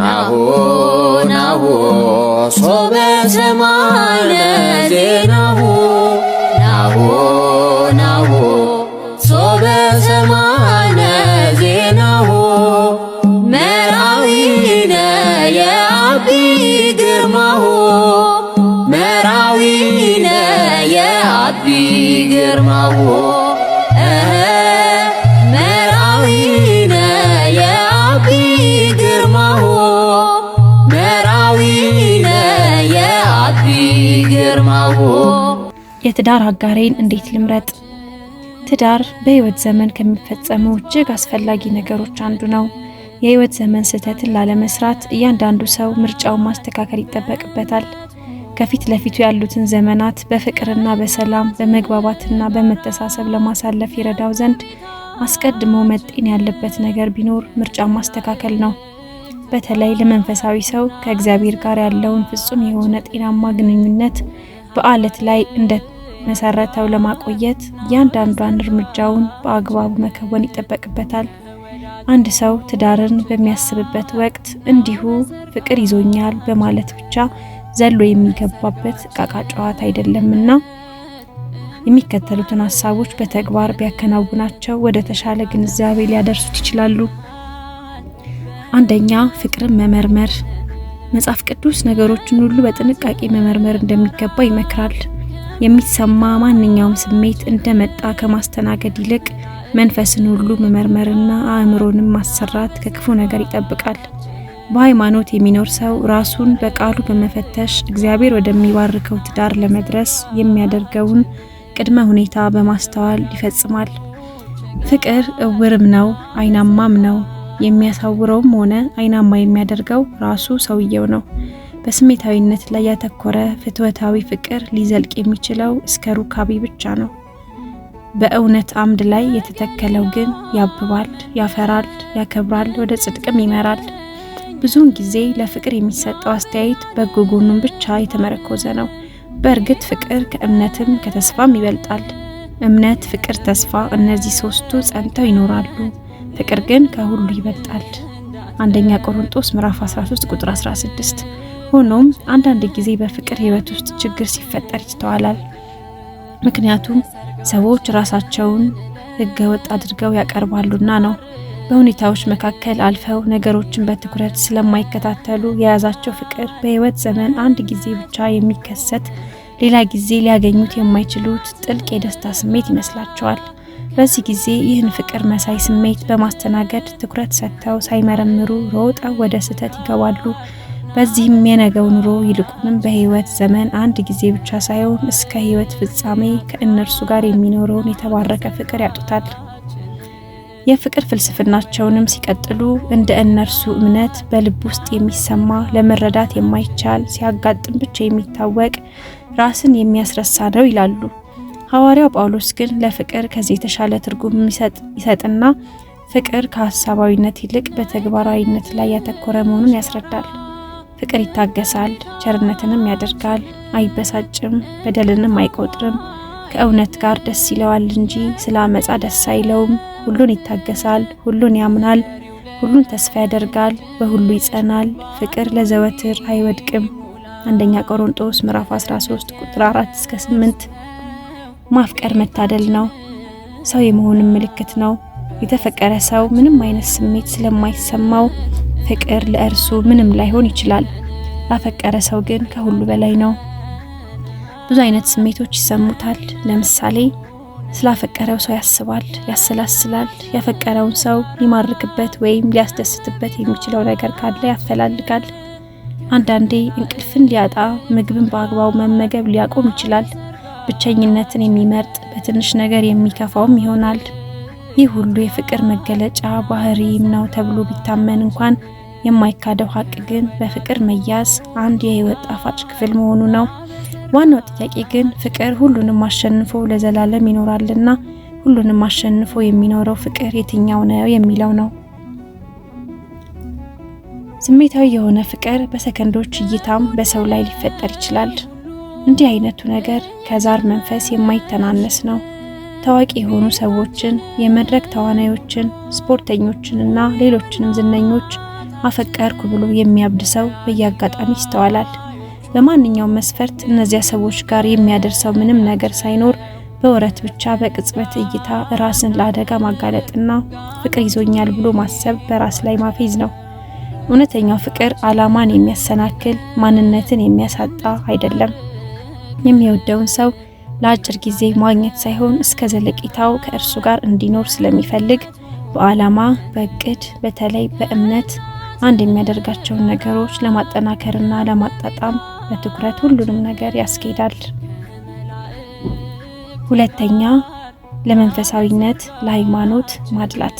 ናሆ ናሆ ሶበ ሰማይ ለዜናሁ ናሆ ናሆ ሶበ ሰማይ ለዜናሁ መራዊነ የአቢ ግርማሁ መራዊነ የአቢ ግርማሁ የትዳር አጋሬን እንዴት ልምረጥ? ትዳር በህይወት ዘመን ከሚፈጸሙ እጅግ አስፈላጊ ነገሮች አንዱ ነው። የህይወት ዘመን ስህተትን ላለመስራት እያንዳንዱ ሰው ምርጫውን ማስተካከል ይጠበቅበታል። ከፊት ለፊቱ ያሉትን ዘመናት በፍቅርና በሰላም በመግባባትና በመተሳሰብ ለማሳለፍ ይረዳው ዘንድ አስቀድሞ መጤን ያለበት ነገር ቢኖር ምርጫ ማስተካከል ነው። በተለይ ለመንፈሳዊ ሰው ከእግዚአብሔር ጋር ያለውን ፍጹም የሆነ ጤናማ ግንኙነት በአለት ላይ እንደመሰረተው ለማቆየት እያንዳንዷን እርምጃውን በአግባቡ መከወን ይጠበቅበታል። አንድ ሰው ትዳርን በሚያስብበት ወቅት እንዲሁ ፍቅር ይዞኛል በማለት ብቻ ዘሎ የሚገባበት ቃቃ ጨዋታ አይደለምና የሚከተሉትን ሀሳቦች በተግባር ቢያከናውናቸው ወደ ተሻለ ግንዛቤ ሊያደርሱት ይችላሉ። አንደኛ፣ ፍቅርን መመርመር መጽሐፍ ቅዱስ ነገሮችን ሁሉ በጥንቃቄ መመርመር እንደሚገባ ይመክራል። የሚሰማ ማንኛውም ስሜት እንደመጣ ከማስተናገድ ይልቅ መንፈስን ሁሉ መመርመርና አእምሮንም ማሰራት ከክፉ ነገር ይጠብቃል። በሃይማኖት የሚኖር ሰው ራሱን በቃሉ በመፈተሽ እግዚአብሔር ወደሚባርከው ትዳር ለመድረስ የሚያደርገውን ቅድመ ሁኔታ በማስተዋል ይፈጽማል። ፍቅር እውርም ነው፣ አይናማም ነው። የሚያሳውረውም ሆነ አይናማ የሚያደርገው ራሱ ሰውየው ነው። በስሜታዊነት ላይ ያተኮረ ፍትወታዊ ፍቅር ሊዘልቅ የሚችለው እስከ ሩካቢ ብቻ ነው። በእውነት አምድ ላይ የተተከለው ግን ያብባል፣ ያፈራል፣ ያከብራል፣ ወደ ጽድቅም ይመራል። ብዙውን ጊዜ ለፍቅር የሚሰጠው አስተያየት በጎ ጎኑን ብቻ የተመረኮዘ ነው። በእርግጥ ፍቅር ከእምነትም ከተስፋም ይበልጣል። እምነት፣ ፍቅር፣ ተስፋ እነዚህ ሶስቱ ጸንተው ይኖራሉ። ፍቅር ግን ከሁሉ ይበልጣል። አንደኛ ቆሮንቶስ ምዕራፍ 13 ቁጥር 16። ሆኖም አንዳንድ ጊዜ በፍቅር ህይወት ውስጥ ችግር ሲፈጠር ይስተዋላል። ምክንያቱም ሰዎች ራሳቸውን ህገወጥ አድርገው ያቀርባሉና ነው። በሁኔታዎች መካከል አልፈው ነገሮችን በትኩረት ስለማይከታተሉ የያዛቸው ፍቅር በህይወት ዘመን አንድ ጊዜ ብቻ የሚከሰት ሌላ ጊዜ ሊያገኙት የማይችሉት ጥልቅ የደስታ ስሜት ይመስላቸዋል። በዚህ ጊዜ ይህን ፍቅር መሳይ ስሜት በማስተናገድ ትኩረት ሰጥተው ሳይመረምሩ ሮጠው ወደ ስህተት ይገባሉ። በዚህም የነገው ኑሮ ይልቁንም በህይወት ዘመን አንድ ጊዜ ብቻ ሳይሆን እስከ ህይወት ፍጻሜ ከእነርሱ ጋር የሚኖረውን የተባረከ ፍቅር ያጡታል። የፍቅር ፍልስፍናቸውንም ሲቀጥሉ እንደ እነርሱ እምነት በልብ ውስጥ የሚሰማ ለመረዳት የማይቻል ሲያጋጥም ብቻ የሚታወቅ ራስን የሚያስረሳ ነው ይላሉ። ሐዋርያው ጳውሎስ ግን ለፍቅር ከዚህ የተሻለ ትርጉም ይሰጥና ፍቅር ከሀሳባዊነት ይልቅ በተግባራዊነት ላይ ያተኮረ መሆኑን ያስረዳል። ፍቅር ይታገሳል፣ ቸርነትንም ያደርጋል፣ አይበሳጭም፣ በደልንም አይቆጥርም፣ ከእውነት ጋር ደስ ይለዋል እንጂ ስለ አመፃ ደስ አይለውም፣ ሁሉን ይታገሳል፣ ሁሉን ያምናል፣ ሁሉን ተስፋ ያደርጋል፣ በሁሉ ይጸናል፣ ፍቅር ለዘወትር አይወድቅም። አንደኛ ቆሮንጦስ ምዕራፍ 13 ቁጥር 4 እስከ 8 ማፍቀር መታደል ነው። ሰው የመሆንም ምልክት ነው። የተፈቀረ ሰው ምንም አይነት ስሜት ስለማይሰማው ፍቅር ለእርሱ ምንም ላይሆን ይችላል። ላፈቀረ ሰው ግን ከሁሉ በላይ ነው። ብዙ አይነት ስሜቶች ይሰሙታል። ለምሳሌ ስላፈቀረው ሰው ያስባል፣ ያሰላስላል። ያፈቀረውን ሰው ሊማርክበት ወይም ሊያስደስትበት የሚችለው ነገር ካለ ያፈላልጋል። አንዳንዴ እንቅልፍን ሊያጣ ምግብን በአግባቡ መመገብ ሊያቆም ይችላል። ብቸኝነትን የሚመርጥ በትንሽ ነገር የሚከፋውም ይሆናል። ይህ ሁሉ የፍቅር መገለጫ ባህሪም ነው ተብሎ ቢታመን እንኳን የማይካደው ሀቅ ግን በፍቅር መያዝ አንድ የህይወት ጣፋጭ ክፍል መሆኑ ነው። ዋናው ጥያቄ ግን ፍቅር ሁሉንም አሸንፎ ለዘላለም ይኖራልና ሁሉንም አሸንፎ የሚኖረው ፍቅር የትኛው ነው የሚለው ነው። ስሜታዊ የሆነ ፍቅር በሰከንዶች እይታም በሰው ላይ ሊፈጠር ይችላል። እንዲህ አይነቱ ነገር ከዛር መንፈስ የማይተናነስ ነው። ታዋቂ የሆኑ ሰዎችን፣ የመድረክ ተዋናዮችን፣ ስፖርተኞችንና ሌሎችንም ዝነኞች አፈቀርኩ ብሎ የሚያብድ ሰው በየአጋጣሚ ይስተዋላል። በማንኛውም መስፈርት እነዚያ ሰዎች ጋር የሚያደርሰው ምንም ነገር ሳይኖር በወረት ብቻ በቅጽበት እይታ ራስን ለአደጋ ማጋለጥና ፍቅር ይዞኛል ብሎ ማሰብ በራስ ላይ ማፌዝ ነው። እውነተኛው ፍቅር ዓላማን የሚያሰናክል ማንነትን የሚያሳጣ አይደለም። የሚወደውን ሰው ለአጭር ጊዜ ማግኘት ሳይሆን እስከ ዘለቂታው ከእርሱ ጋር እንዲኖር ስለሚፈልግ በዓላማ፣ በእቅድ፣ በተለይ በእምነት አንድ የሚያደርጋቸውን ነገሮች ለማጠናከርና ለማጣጣም በትኩረት ሁሉንም ነገር ያስኬዳል። ሁለተኛ፣ ለመንፈሳዊነት ለሃይማኖት ማድላት።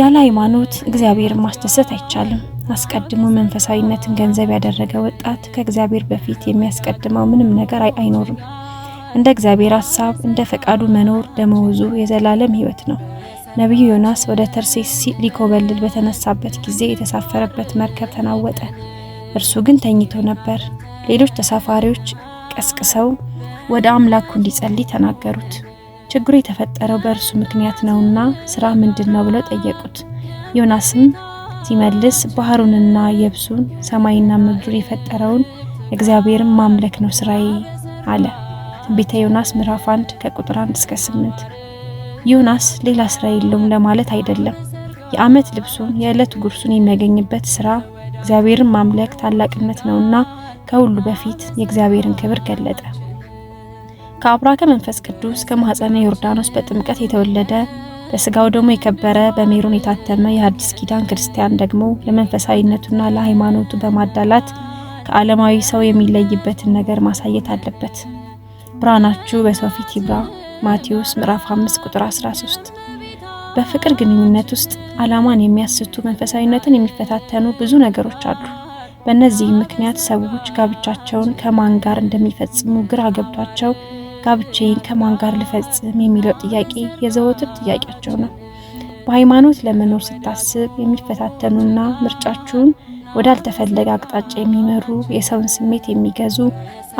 ያለ ሃይማኖት እግዚአብሔርን ማስደሰት አይቻልም። አስቀድሞ መንፈሳዊነትን ገንዘብ ያደረገ ወጣት ከእግዚአብሔር በፊት የሚያስቀድመው ምንም ነገር አይኖርም። እንደ እግዚአብሔር ሐሳብ እንደ ፈቃዱ መኖር ደመወዙ የዘላለም ሕይወት ነው። ነቢዩ ዮናስ ወደ ተርሴስ ሊኮበልል በተነሳበት ጊዜ የተሳፈረበት መርከብ ተናወጠ። እርሱ ግን ተኝቶ ነበር። ሌሎች ተሳፋሪዎች ቀስቅሰው ወደ አምላኩ እንዲጸልይ ተናገሩት። ችግሩ የተፈጠረው በእርሱ ምክንያት ነውና ስራ ምንድን ነው ብለው ጠየቁት። ዮናስም ሲመልስ ባህሩንና የብሱን ሰማይና ምድር የፈጠረውን እግዚአብሔርን ማምለክ ነው ስራዬ አለ። ትንቢተ ዮናስ ምዕራፍ 1 ከቁጥር 1 እስከ 8። ዮናስ ሌላ ስራ የለውም ለማለት አይደለም። የአመት ልብሱን የዕለት ጉርሱን የሚያገኝበት ስራ እግዚአብሔርን ማምለክ ታላቅነት ነውና ከሁሉ በፊት የእግዚአብሔርን ክብር ገለጠ። ከአብራከ መንፈስ ቅዱስ ከማኅፀነ ዮርዳኖስ በጥምቀት የተወለደ በስጋው ደግሞ የከበረ በሜሮን የታተመ የሐዲስ ኪዳን ክርስቲያን ደግሞ ለመንፈሳዊነቱና ለሃይማኖቱ በማዳላት ከዓለማዊ ሰው የሚለይበትን ነገር ማሳየት አለበት። ብርሃናችሁ በሰው ፊት ይብራ ማቴዎስ ምዕራፍ 5 ቁጥር 13። በፍቅር ግንኙነት ውስጥ ዓላማን የሚያስቱ መንፈሳዊነትን የሚፈታተኑ ብዙ ነገሮች አሉ። በእነዚህም ምክንያት ሰዎች ጋብቻቸውን ከማን ጋር እንደሚፈጽሙ ግራ ገብቷቸው ጋብቼን ከማን ጋር ልፈጽም የሚለው ጥያቄ የዘወትር ጥያቄያቸው ነው። በሃይማኖት ለመኖር ስታስብ የሚፈታተኑና ምርጫችሁን ወዳልተፈለገ አቅጣጫ የሚመሩ የሰውን ስሜት የሚገዙ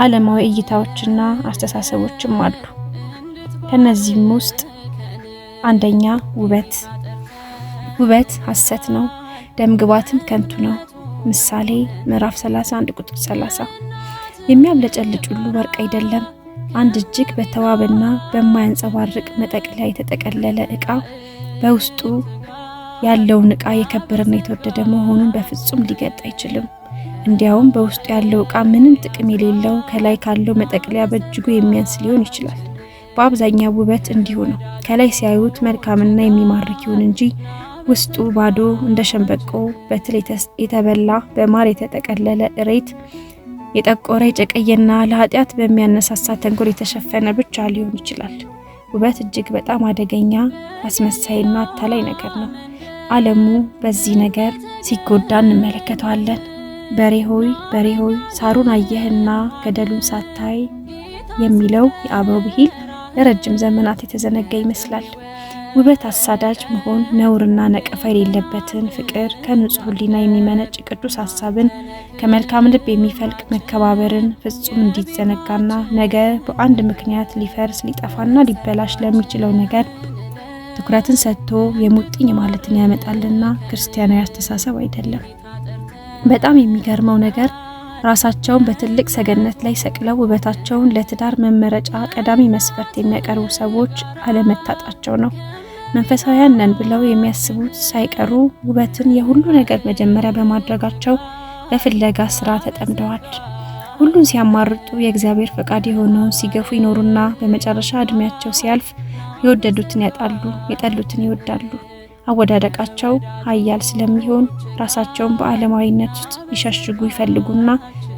ዓለማዊ እይታዎችና አስተሳሰቦችም አሉ። ከነዚህም ውስጥ አንደኛ ውበት። ውበት ሐሰት ነው፣ ደምግባትም ከንቱ ነው። ምሳሌ ምዕራፍ 31 ቁጥር 30 የሚያብለጨልጭ ሁሉ ወርቅ አይደለም አንድ እጅግ በተዋበና በማያንጸባርቅ መጠቅለያ የተጠቀለለ እቃ በውስጡ ያለውን እቃ የከበረና የተወደደ መሆኑን በፍጹም ሊገልጥ አይችልም። እንዲያውም በውስጡ ያለው እቃ ምንም ጥቅም የሌለው ከላይ ካለው መጠቅለያ በእጅጉ የሚያንስ ሊሆን ይችላል። በአብዛኛው ውበት እንዲሁ ነው። ከላይ ሲያዩት መልካምና የሚማርክ ይሁን እንጂ ውስጡ ባዶ እንደ ሸንበቆ በትል የተበላ በማር የተጠቀለለ እሬት የጠቆረ የጨቀየና ለኃጢአት በሚያነሳሳ ተንኮል የተሸፈነ ብቻ ሊሆን ይችላል። ውበት እጅግ በጣም አደገኛ አስመሳይና አታላይ ነገር ነው። ዓለሙ በዚህ ነገር ሲጎዳ እንመለከተዋለን። በሬ ሆይ በሬ ሆይ ሳሩን አየህና ገደሉን ሳታይ የሚለው የአበው ብሂል ለረጅም ዘመናት የተዘነጋ ይመስላል። ውበት አሳዳጅ መሆን ነውርና ነቀፋ የሌለበትን ፍቅር፣ ከንጹህ ሕሊና የሚመነጭ ቅዱስ ሀሳብን፣ ከመልካም ልብ የሚፈልቅ መከባበርን ፍጹም እንዲዘነጋና ነገ በአንድ ምክንያት ሊፈርስ ሊጠፋና ሊበላሽ ለሚችለው ነገር ትኩረትን ሰጥቶ የሙጥኝ ማለትን ያመጣልና ክርስቲያናዊ አስተሳሰብ አይደለም። በጣም የሚገርመው ነገር ራሳቸውን በትልቅ ሰገነት ላይ ሰቅለው ውበታቸውን ለትዳር መመረጫ ቀዳሚ መስፈርት የሚያቀርቡ ሰዎች አለመታጣቸው ነው። መንፈሳውያን ነን ብለው የሚያስቡት ሳይቀሩ ውበትን የሁሉ ነገር መጀመሪያ በማድረጋቸው ለፍለጋ ስራ ተጠምደዋል። ሁሉን ሲያማርጡ የእግዚአብሔር ፈቃድ የሆነውን ሲገፉ ይኖሩና በመጨረሻ እድሜያቸው ሲያልፍ የወደዱትን ያጣሉ፣ የጠሉትን ይወዳሉ። አወዳደቃቸው ኃያል ስለሚሆን ራሳቸውን በዓለማዊነት ውስጥ ይሸሽጉ ይፈልጉና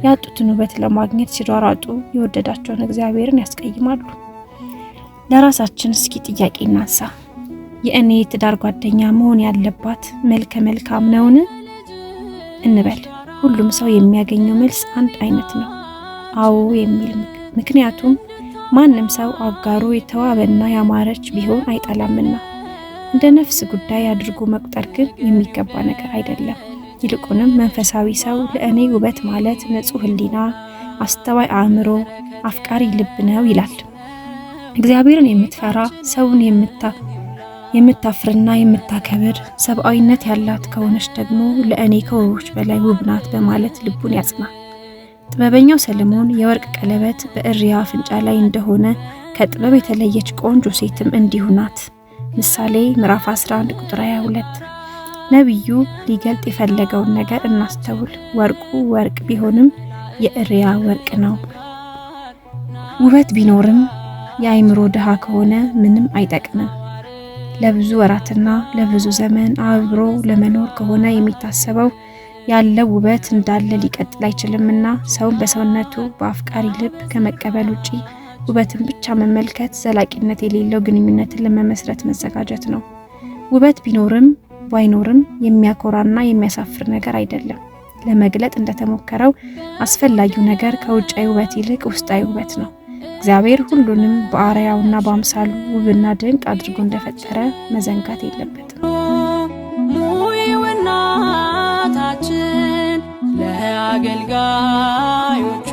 ያጡትን ውበት ለማግኘት ሲሯሯጡ የወደዳቸውን እግዚአብሔርን ያስቀይማሉ። ለራሳችን እስኪ ጥያቄ እናንሳ። የእኔ የትዳር ጓደኛ መሆን ያለባት መልከ መልካም ነውን እንበል። ሁሉም ሰው የሚያገኘው መልስ አንድ አይነት ነው፣ አዎ የሚል ምክንያቱም ማንም ሰው አጋሩ የተዋበና ያማረች ቢሆን አይጠላምና። እንደ ነፍስ ጉዳይ አድርጎ መቁጠር ግን የሚገባ ነገር አይደለም። ይልቁንም መንፈሳዊ ሰው ለእኔ ውበት ማለት ንጹሕ ሕሊና፣ አስተዋይ አእምሮ፣ አፍቃሪ ልብ ነው ይላል። እግዚአብሔርን የምትፈራ ሰውን የምታ የምታፍርና የምታከብር ሰብአዊነት ያላት ከሆነች ደግሞ ለእኔ ከወሮች በላይ ውብ ናት በማለት ልቡን ያጽናል። ጥበበኛው ሰለሞን የወርቅ ቀለበት በእሪያ አፍንጫ ላይ እንደሆነ ከጥበብ የተለየች ቆንጆ ሴትም እንዲሁ ናት። ምሳሌ ምዕራፍ 11 ቁጥር 22። ነቢዩ ሊገልጥ የፈለገውን ነገር እናስተውል። ወርቁ ወርቅ ቢሆንም የእሪያ ወርቅ ነው። ውበት ቢኖርም የአይምሮ ድሃ ከሆነ ምንም አይጠቅምም። ለብዙ ወራትና ለብዙ ዘመን አብሮ ለመኖር ከሆነ የሚታሰበው ያለው ውበት እንዳለ ሊቀጥል አይችልምና ሰውን በሰውነቱ በአፍቃሪ ልብ ከመቀበል ውጪ ውበትን ብቻ መመልከት ዘላቂነት የሌለው ግንኙነትን ለመመስረት መዘጋጀት ነው። ውበት ቢኖርም ባይኖርም የሚያኮራና የሚያሳፍር ነገር አይደለም። ለመግለጥ እንደተሞከረው አስፈላጊው ነገር ከውጫዊ ውበት ይልቅ ውስጣዊ ውበት ነው። እግዚአብሔር ሁሉንም በአርአያውና በአምሳሉ ውብና ድንቅ አድርጎ እንደፈጠረ መዘንጋት የለበትም። ሙይውናታችን ለአገልጋዮቹ